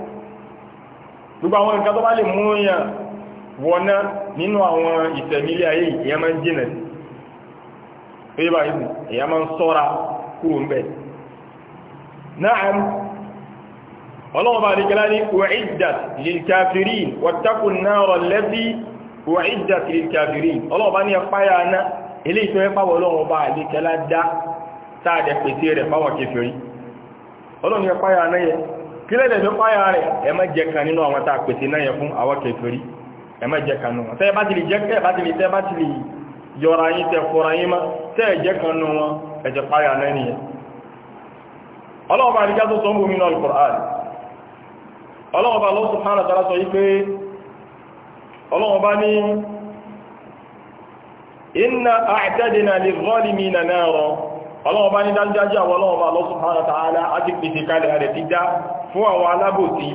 gbogbo àwọn nǹkan tó bá lè mú yàn wọná nínú àwọn ìtẹ̀mílẹ̀ ayé ìyẹn máa ń jìnà pé bá yìí ìyẹn máa ń sọ́ra kúrò ń bẹ̀ náà ọlọ́wọ́ bá lè kẹ́lá ní wa'iddat lil kafirin wattaqun nara kílẹ̀ lè fẹ́ páyà rẹ̀ ẹ má jẹ kan nínú àwọn tá a pèsè náà yẹ fún àwọn kèfèrí ẹ má jẹ kan nù wọn tẹ́ bá ti lè jẹ́ tẹ́ bá ti lè tẹ́ bá ti lè yọra yín tẹ́ fọra yín má tẹ́ ẹ jẹ́ kan nù wọn ẹ jẹ páyà náà nìyẹn ọlọ́ọ̀bá àdìgá lọ́sùn hánà tàrà sọ yí pé ti pèsè fún àwọn alábòsí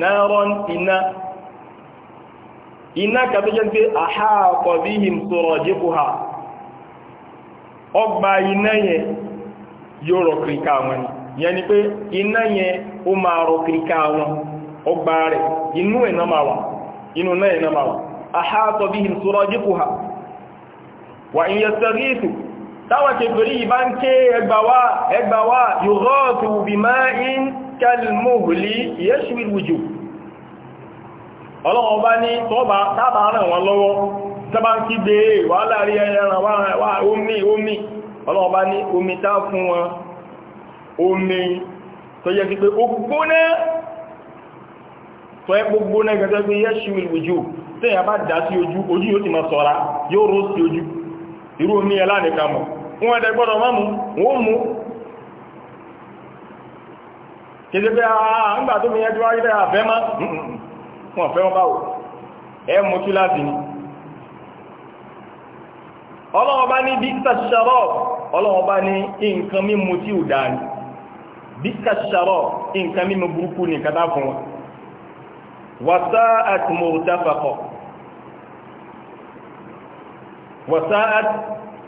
náírọ́n iná iná kàtó pé àhá ọkọ̀ sọ̀rọ̀ jípò ha ọgbà iná yẹn yóò rọ̀ wọn ni yẹn ni pé iná yẹn ó máa rọ̀ wọn ọgbà rẹ̀ inú ha wà táwọn kèfèrí ìbá ń ké ẹgbàwà ẹgbàwà yughathu bima'in kalmuhli yashwi alwujuh ọlọ́wọ́ bá ní tọ́bà tábà ràn wọn lọ́wọ́ tọ́bà ń kí dé wà láàrin ẹran wà omi omi ọlọ́wọ́ bá ní omi tá fún wọn omi tó yẹ sí pé ó gbóná tó ẹ gbogbo náà gẹ́gẹ́ pé yashwi alwujuh tẹ́yà bá wọ́n ẹ̀dẹ̀ gbọ́dọ̀ má mú wọ́n mú kìí pé àgbà ah, ah, tó mi yẹn tíwárí rẹ̀ àfẹ́ má wọ́n fẹ́ wọ́n báwò ẹ mú kí láti ní ọlọ́wọ́ bá ní díkà ṣàrọ̀ ọlọ́wọ́ ní nǹkan mímu tí ò dáa ní ṣàrọ̀ nǹkan burúkú ní fún wọn wàtá àtìmọ̀ wàtá àtìmọ̀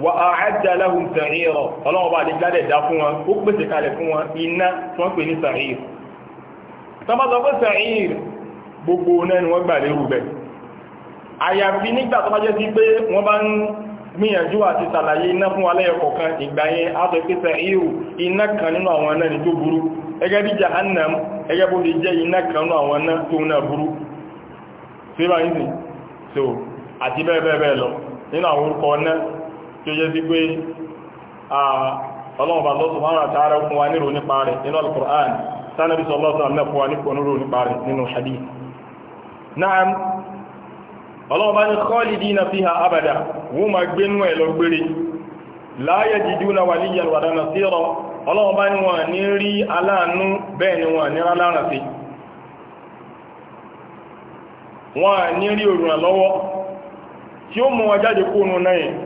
wà àádá lahum sa'ira ọlọ́wọ́ bá àdéjá lẹ̀ dá fún wọn ó pèsè kalẹ̀ fún wọn iná tí wọ́n pè ní sa'ir tọ́ba sọ pé sa'ir gbogbo náà ni wọ́n gbà lérú bẹ̀ àyàfi nígbà tó bá jẹ́ sí pé wọ́n bá ń gbìyànjú àti sàlàyé iná fún alẹ́yẹ kọ̀ọ̀kan ìgbà yẹn àtọ̀ ìpèsè ìhù iná kan nínú àwọn náà ni tó burú ẹgẹ́ bí jahannam ẹgẹ́ bó lè jẹ́ iná kan nínú àwọn náà tó náà burú síbáyìí so àti bẹ́ẹ̀ bẹ́ẹ̀ lọ nínú àwọn orúkọ náà tí ó jẹ́ sí pé ọlọ́ọ̀bà lọ́sùn márùn àtàrà fún wa nírò nípa rẹ̀ nínú al-Qur'an sánàbí sọlọ́sàn mẹ́fún wa nípo nírò nípa rẹ̀ nínú hadith na'am ọlọ́ọ̀bá ní khalidina fiha abada wọ́n ma gbénú ẹ̀ lọ gbére la yajiduna waliyyan wala nasira ọlọ́ọ̀bá sí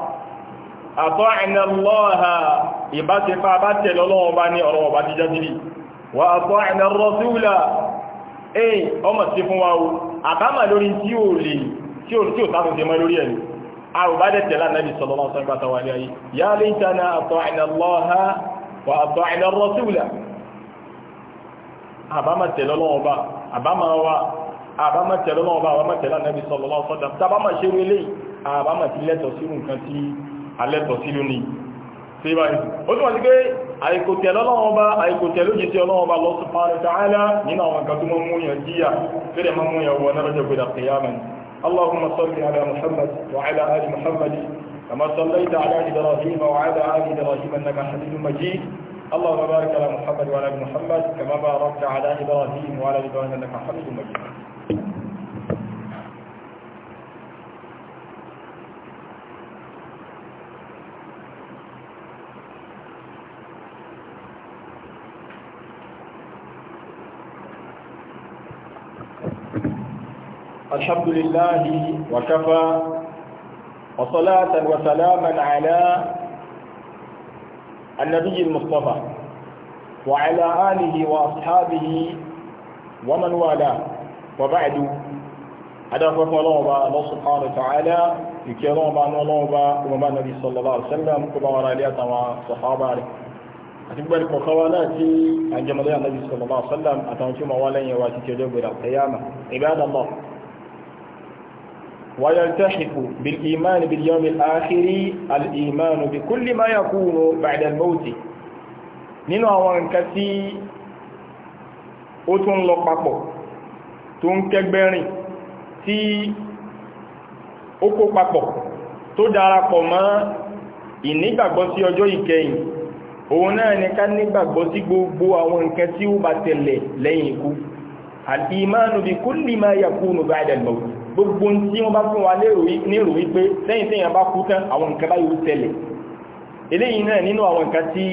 àtọ́ìnà lọ́ha ìbá ti fa bá tẹ̀lọ lọ́wọ́ bá ní ọ̀rọ̀ ọba ti jẹ́jìrì wà àtọ́ìnà rọ́súlà èyí ọmọ sí fún wa o àbámà lórí tí ó lè tí ó tí ó sáfún sí mọ́ lórí ẹ̀lú a ò bá dẹ̀ tẹ̀lá nàbì sọ̀lọ́lọ́sọ́gbàtàwà àbámà tẹ̀lọ́lọ́wọ́ bá àbámà tẹ̀lá nàbì sọ̀lọ́lọ́sọ́dá tàbámà ṣe wélé àbámà ti lẹ́tọ̀ sí alẹ́tọ̀ sílú ni tí bá ní ó túnmọ̀ sí pé àìkòtẹ̀ lọ́lọ́wọ́ bá àìkòtẹ̀ lójí tí ọlọ́wọ́ bá lọ́sùn fàárẹ̀ tààlá nínú àwọn kan tó mọ́ mú yàn اللهم صل على محمد وعلى آل محمد كما صليت على إبراهيم وعلى آل إبراهيم أنك حميد مجيد اللهم بارك على محمد وعلى محمد كما باركت على إبراهيم وعلى آل إبراهيم أنك حميد مجيد الحمد لله وكفى وصلاة وسلاما على النبي المصطفى وعلى آله وأصحابه ومن والاه وبعد أدعو الله الله سبحانه وتعالى يكرم بأن الله وما النبي صلى الله عليه وسلم كما وراء وصحابه àtìgbẹ́rì kọ̀kọ́wá عن tí النبي صلى الله عليه وسلم àtàwọn tí ó ma wá lẹ́yìn عباد الله. ويلتحق بالإيمان باليوم الآخر الإيمان بكل ما يكون بعد الموت nínú àwọn nǹkan tí ó tún lọ papọ̀ tó ń kẹgbẹ́rin tí ó kó papọ̀ tó darapọ̀ mọ́ ìnígbàgbọ́ sí ọjọ́ ìkẹyìn òun náà ni ká nígbàgbọ́ sí gbogbo àwọn nǹkan tí ó bá tẹ̀lẹ̀ lẹ́yìn ikú al-imanu bi kulli ma yakunu ba'da al-maut gbogbo tí wọ́n bá fún wa nírò wípé lẹ́yìn tí èèyàn bá kú tán àwọn nǹkan bá yóò tẹ̀lẹ̀ eléyìí náà nínú àwọn nǹkan tí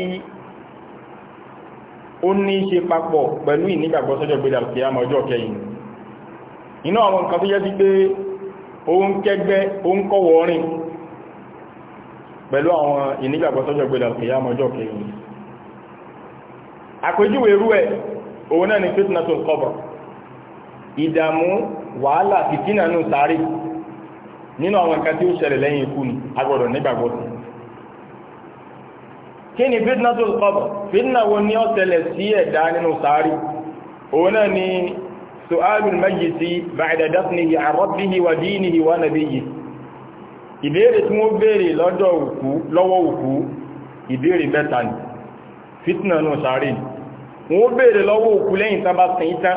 ó ní í ṣe papọ̀ pẹ̀lú ìnígbàgbọ́ sọ́jọ́ gbéra kí á mọ ọjọ́ kẹyìn inú àwọn nǹkan tó yẹ sí pé òun kẹgbẹ́ òun kọ̀wọ̀ rìn pẹ̀lú àwọn ìnígbàgbọ́ sọ́jọ́ gbéra kí á mọ ọjọ́ kẹyìn àpèjúwe irú ẹ̀ òun náà ni fitnatul qabr ìdààmú wàhálà fìtínà nù sáré nínú àwọn nǹkan tí ó ṣẹlẹ̀ lẹ́yìn ikú ni agbọ́dọ̀ nígbàgbọ́ sí kí ni fitna tó kọ́bọ̀ fitna wo ni ó ṣẹlẹ̀ sí ẹ̀dá nínú sáré òun náà ni su'alul mayyiti ba'da dafnihi an rabbihi wa dinihi wa nabiyyi ìbéèrè tí wọ́n béèrè lọ́dọ̀ òkú lọ́wọ́ òkú ìbéèrè mẹ́ta ni fitna nù sáré wọ́n béèrè lọ́wọ́ òkú lẹ́yìn tán bá sin ìtàn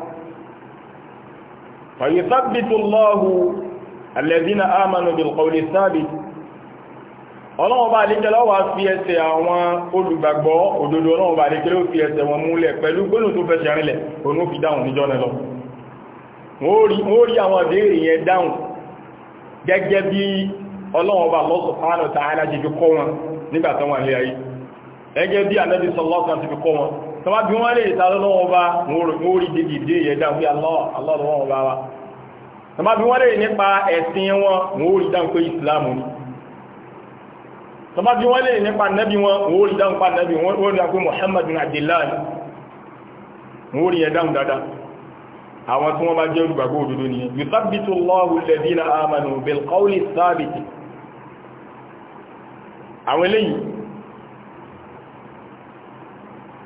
فيثبت الله الذين آمنوا بالقول الثابت ọlọ́wọ́ bá lè kẹlọ́ wá fi ẹsẹ̀ àwọn olùgbàgbọ́ òdodo ọlọ́wọ́ bá lè kẹlọ́ fi ẹsẹ̀ wọn múlẹ̀ pẹ̀lú gbónù tó fẹ́ ṣẹrinlẹ̀ òun ó fi dáhùn níjọ́ nẹ́lọ wọ́n rí àwọn ìbéèrè yẹn dáhùn gẹ́gẹ́ bí ọlọ́wọ́ bá tọba bí wọ́n lè ta lọ́wọ́ bá mórí dìde ìyẹ̀dá wí aláwọ̀ bá wa tọba bí wọ́n lè nípa ẹ̀sìn wọn mórí dáhùn pé ìsìlámù ni tọba bí wọ́n lè nípa nẹ́bí wọn mórí dáhùn pa nẹ́bí wọn ó rí Muhammad bin Abdullah mórí yẹn dáhùn dáadáa àwọn tí wọ́n bá jẹ́ olùgbàgbọ́ òdodo ni yuthabbitu Allahu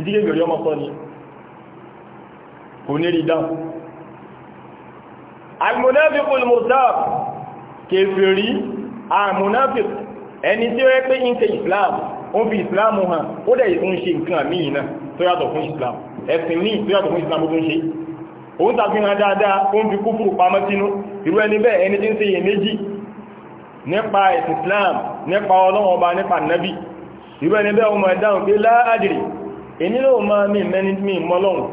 ìdíkẹ́ ìgbèrè ọmọ sọ ni kò ní rí dáhùn almunafiq almurtab kèfèrí almunafiq ẹni tí ó yẹ pé ń ṣe islam ó fi islam hàn ó dẹ̀ ń ṣe nǹkan àmì náà tó yàtọ̀ fún islam ẹ̀sìn ní tó yàtọ̀ fún islam ó tún ṣe òun tàfihàn dáadáa ó ń fi kúfùrù pamọ́ sínú irú ẹni bẹ́ẹ̀ ẹni tí ń ṣe iyèméjì nípa ẹ̀sìn islam nípa ọlọ́run ọba nípa nàbí irú ẹni bẹ́ẹ̀ ó máa dáhùn pé èmi ló máa mí mẹ́ni mí mọ́lọ́hùn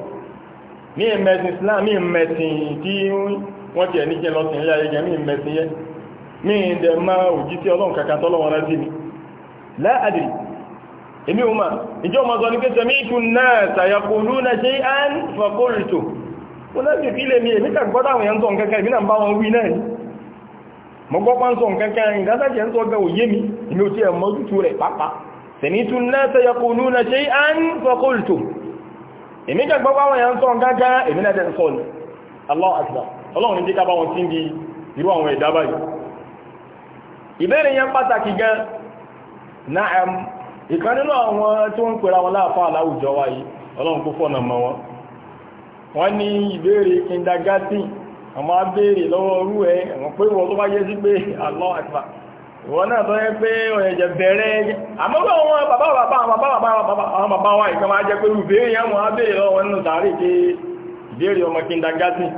mí mẹ́sìn Islam mí mẹ́sìn tí wọ́n tiẹ̀ níjẹ́ lọ sí ilé ayẹyẹ mí mẹ́sìn yẹ mí dẹ̀ máa òjì sí ọlọ́run kankan tọ́lọ́wọ́n rẹ́ sí mi láàdì èmi ò máa ìjọ ọmọ sọ ní pé sẹmí ìtún náà sàyàkùnlú na ṣe án fàkóòrìtò ó náà sì fílẹ̀ mi èmi kàgbọ́dá àwọn ẹ̀ńsọ̀ nǹkankan ìbínà bá wọn wí náà mọ́gbọ́pá ń sọ nǹkankan ìdásájẹ́ ń sọ gẹ òye mi èmi ò tí ẹ̀ mọ́ tútù rẹ̀ pàápàá sẹ̀mítù náà yẹkùnú na ṣe án fọ́kúltù èmi gbogbo àwọn èèyàn sọ gágá èmi náà tẹ́sọ ní Allahu Akbar ọlọ́run jíká bá wọn ń di irú àwọn ẹ̀dá báyìí ìbéèrè yẹn pàtàkì gan náà ìkan nínú àwọn tí wọ́n ń pèrà wọn láàfá aláwùjọ wa yìí ọlọ́run kó fọ́nà mọ́ wọn wọ́n ní ìbéèrè kindergarten àwọn abéèrè lọ́wọ́ orú ẹ̀ àwọn pé wọ́n tó bá sí pé wọ́n náà tó yẹ pé ọ̀yẹ̀jẹ̀ bẹ̀rẹ̀ ẹjẹ́ àmọ́bọ̀ wọn bàbá bàbá àwọn bàbá wa ìkan máa jẹ́ pé ìbéèrè yẹn wọ́n á béèrè lọ́wọ́ nínú sàárè pé ìbéèrè ọmọ kindergarten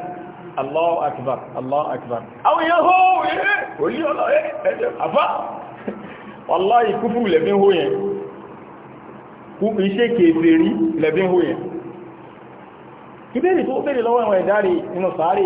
Allahu akbar Allahu akbar àwọn èèyàn hó ẹ̀ẹ́ òlí ọlọ́ ẹ̀ẹ́ àfá wallahi kúfù lẹ́bí hó yẹn iṣẹ́ kèfèrí lẹ́bí hó yẹn ìbéèrè tó béèrè lọ́wọ́ ẹ̀wọ̀n ẹ̀dárì nínú sàárè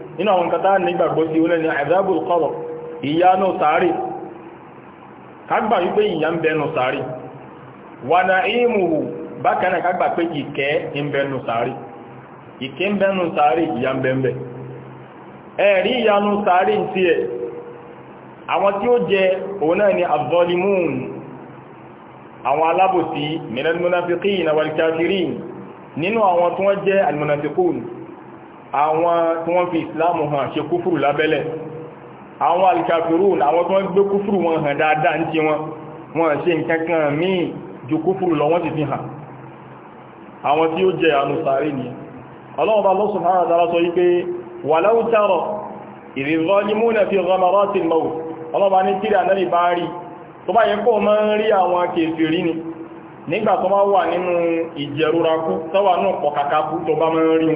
nínú àwọn nǹkan tá ní gbàgbọ́ sí olẹ́ni azabul qabr ìyà nù sàárì kágbà wípé ìyà ń bẹnu sàárì wà na'imuhu bákan náà kágbà pé ìkẹ́ ń bẹnu sàárì ìkẹ́ ń bẹnu sàárì ìyà ń bẹ́ẹ̀ ẹ̀rí ìyà nù sàárì ń tiẹ̀ àwọn tí ó jẹ ni az-zalimun àwọn alábòsí minal munafiqin wal kafirin nínú àwọn tí wọ́n àwọn tí wọ́n fi ìsìláàmù hàn ṣe kúfùrù lábẹ́lẹ̀ àwọn alkafirun àwọn tí wọ́n gbé kúfùrù wọn hàn dáadáa ní ti wọn wọ́n ṣe nǹkankan míì ju kúfùrù lọ wọ́n ti fi hàn àwọn tí ó jẹ àánú sàárè ni ọlọ́run bá lọ́sùn hàn dára sọ wípé wà láwùtárọ̀ ìrìnlọ́límúnà fi ghamarati mọ́wù ọlọ́ba ní kíri ànábì bá rí tó bá yẹ kó mọ́ ń rí àwọn kèfèrí ni nígbà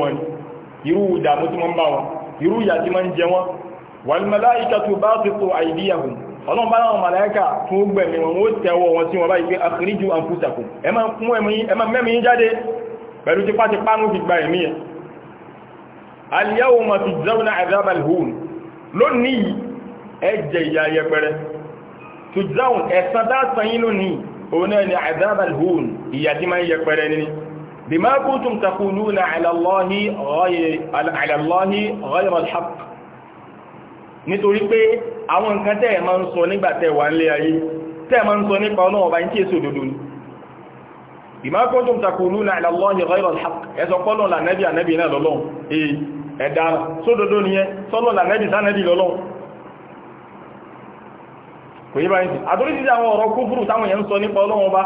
ni irú ìdààmú tí wọ́n bá wọn irú ìyà tí wọ́n jẹ wọn wal malaikatu basitu aydiyahum ọlọ́run bá láwọn màláíkà fún gbẹ̀mí wọn ó tẹ́wọ́ wọn sí wọn báyìí pé akhriju anfusakum ẹ máa fún ẹ máa mẹ́mí jáde pẹ̀lú tipátipá ń fi gba ẹ̀mí yẹn al yawma tujzawna adhab bima kuntum taquluna ala Allahi ghayra al-haqq nítorí pé àwọn nǹkan tẹ́ẹ̀ máa ń sọ nígbà tẹ́ẹ̀ wà nílé ayé tẹ́ẹ̀ máa ń sọ nípa ọ̀nà ọba ní kí èso òdodo ni bima kuntum taquluna ala Allahi ghayra al-haqq ẹ̀sọ̀ ọ̀rọ̀ kúfúrù táwọn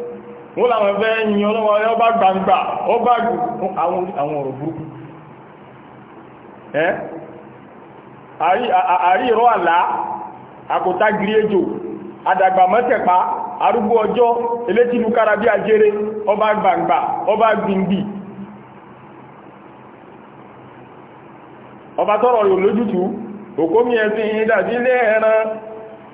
wọ́n làwọn ẹgbẹ́ yìn ọlọ́wọ́ ẹ ọba gbangba fún àwọn ọ̀rọ̀ burúkú ẹ́ àrí ìrọ́ àlá ejò àdàgbà mọ́tẹ̀pá ọjọ́ bí ajére gbangba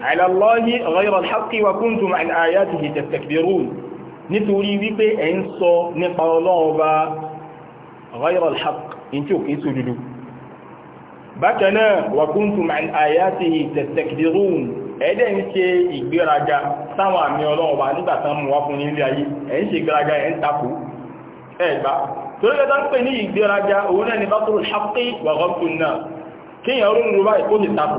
ala Allahi ghayra al-haqqi wa kuntum an ayatihi tastakbirun nítorí wípé ẹ̀ ń sọ nípa ọlọ́run bá ghayra al-haqq in tí ò kìí sódúdú bákan náà wa kuntum an ayatihi tastakbirun ẹ̀ẹ́dẹ̀ ń ṣe ìgbéraga sáwọn àmì ọlọ́run bá nígbàtán mú wá fún nílé ayé pè ní ìgbéraga òun náà ni bá tó ṣàpé wà gọ́ọ̀tún náà kíyàn orúnrú báyìí kó ti takò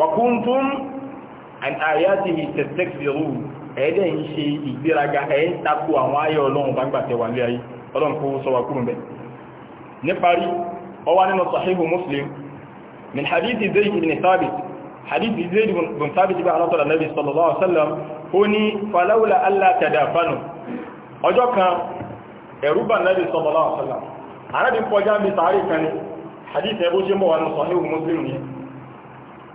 wàkúntún àyàtì ìtẹ̀tẹ̀kìrù ẹ̀ẹ́dẹ̀ ń ṣe ìgbéraga ẹ̀ ń takò àwọn ayé ọlọ́run bá gbàtẹ̀ wà lé ayé ọlọ́run kó sọ wà kúrò bẹ̀ níparí ọwá nínú sahihu muslim min hadithi zayd ibn thabit hadithi zayd ibn thabit bá alátọ́lá nabi sallallahu alaihi wasallam ó ní falawla alla tadafanu ọjọ́ kan ẹ̀rú bá nabi sallallahu alaihi wasallam arábìn kọjá mi sàárì kan ni hadith ẹbó ṣe mọ́ nínú sahihu muslim ni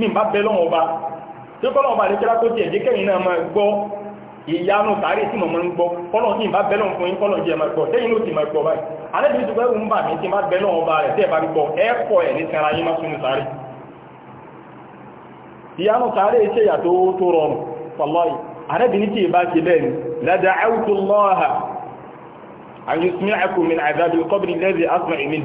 ní bá bẹ́ lọ́wọ́ ọba tí kọ́lọ̀ ọba lè kíra tó jẹ́ ìdíkẹ́yìn náà máa gbọ́ ìyanu tààrí tí mọ̀mọ́ ń gbọ́ kọ́lọ̀ tí bá bẹ́ fún kọ́lọ̀ jẹ́ tẹ́yìn ló ti gbọ́ báyìí alẹ́bí tó ń bà tí bá ọba rẹ̀ bá gbọ́ ẹ̀ ní sara máa ìyanu iṣẹ́ tó rọrùn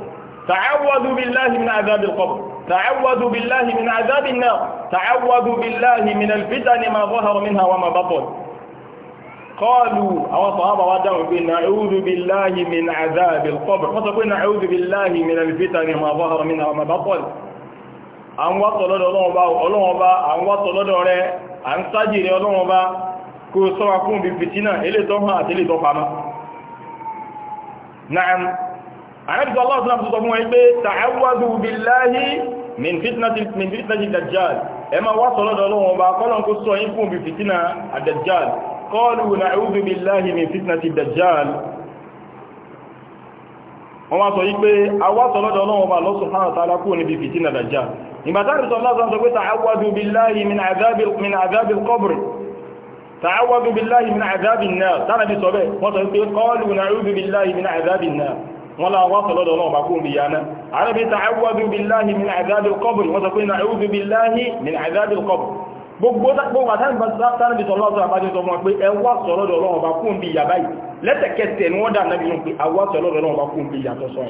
تعوذوا بالله من عذاب القبر تعوذوا بالله من عذاب النار تعوذوا بالله من الفتن ما ظهر منها وما بطن قالوا أو صحابة ودعوا نعوذ بالله من عذاب القبر فتقول نعوذ بالله من الفتن ما ظهر منها وما بطن à ń wátọ̀ lọ́dọ̀ ọlọ́wọ́ba ọlọ́wọ́ba à ń wátọ̀ lọ́dọ̀ rẹ à ń sájìrì ọlọ́wọ́ba kó sọ́wọ́ fún bí fìtínà elétọ́ hàn àrẹ́bìsọ aláàsùn àti sọ fún wọn pé ta'awwadu billahi min fitnati dajjal ẹ ma wá sọ lọ́dọ̀ lọ́wọ́ bá kọ́lọ̀n kó sọ ikú bí fitina dajjal qalu na'udhu billahi min fitnati dajjal wọ́n wá sọ wípé awásọ̀lọ́dọ̀ ọlọ́wọ́ bá lọ́sùn hàn tààlákù níbi fìtínà dajjal ìbátàrí sọ lásán sọ pé ta'awwadu billahi min azabil qabr ta'awwadu billahi min wọ́n láwọn wá sọ̀lọ́dọ̀ ọlọ́run bá kó rí yaná arábí ta'awwadu billahi min adhabil qabr wọ́n sọ pé na'udhu billahi min adhabil qabr gbogbo tánàbí sọ̀lọ́dọ̀ àbájọ́ sọ fún wa pé ẹwà sọ̀lọ́dọ̀ ọlọ́run bá kó rí yà báyìí lẹ́sẹ̀kẹsẹ̀ ni wọ́n dà náà bí wọn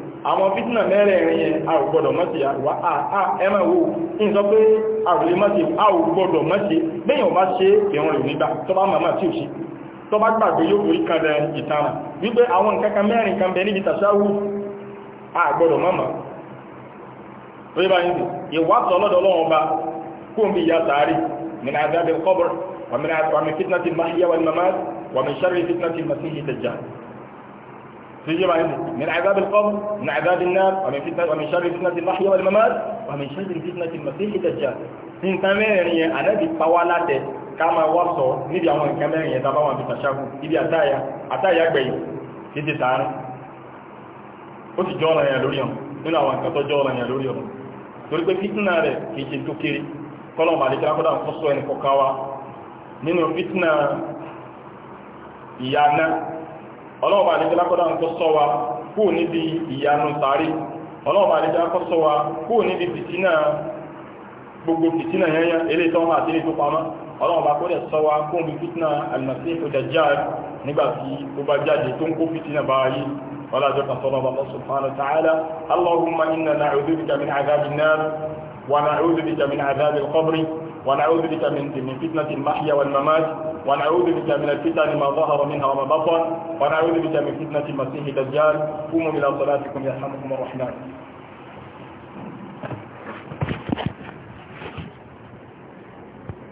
àwọn fitna mẹ́rẹ̀ẹ̀rin yẹn a ò gbọ́dọ̀ mọ́sí àwọ̀ ẹmà wo ń sọ pé àrùlé mọ́sí a ò gbọ́dọ̀ mọ́sí bẹ́yàn bá ṣe ìrùn rẹ̀ nígbà tó bá màmá tí ò sí tó bá gbàgbé yóò forí kan rẹ̀ ìtara wípé àwọn nǹkan kan mẹ́rin kan bẹ níbi tàṣáwù a gbọ́dọ̀ mọ́mọ́ rí bá تجيب عليهم من عذاب القبر من عذاب النار ومن فتنة ومن شر فتنة المحيا والممات ومن شر فتنة المسيح الدجال ní nǹkan mẹ́rin yẹn ànábì pa wá láṣẹ ká máa wá sọ níbi àwọn nǹkan mẹ́rin yẹn tàbá wọn fi tàṣàkù ibi àtàyà àtàyà gbẹ̀yìn títí tààrin ó sì jọ ọ̀rọ̀ yẹn lórí ọ̀run nínú àwọn nǹkan tó jọ ọ̀rọ̀ yẹn lórí ọ̀run torí pé fítínà rẹ̀ kìí ṣe tó kéré kọ́lọ̀ màlẹ́kẹ́ lápọ́dà fọ́sọ́ ẹnì kọ̀ọ̀kan wa nínú fítínà ìyá náà ọlọ́ọ̀bà ní jẹ́lákọ́dá ń kó sọ wa kú níbi ìyanu sáré ọlọ́ọ̀bà ní jẹ́lákọ́ sọ wa kú níbi fìtínà gbogbo fìtínà yẹnyẹ ilé tó máa délé tó pamọ́ ọlọ́ọ̀bà kó dẹ̀ sọ wa kú níbi fìtínà al-Masih ad-Dajjal nígbàtí ó ونعوذ بك من عذاب القبر ونعوذ بك من من فتنة المحيا والممات ونعوذ بك من الفتن ما ظهر منها وما بطن ونعوذ بك من فتنة المسيح الدجال قوموا إلى صلاتكم يرحمكم الرحمن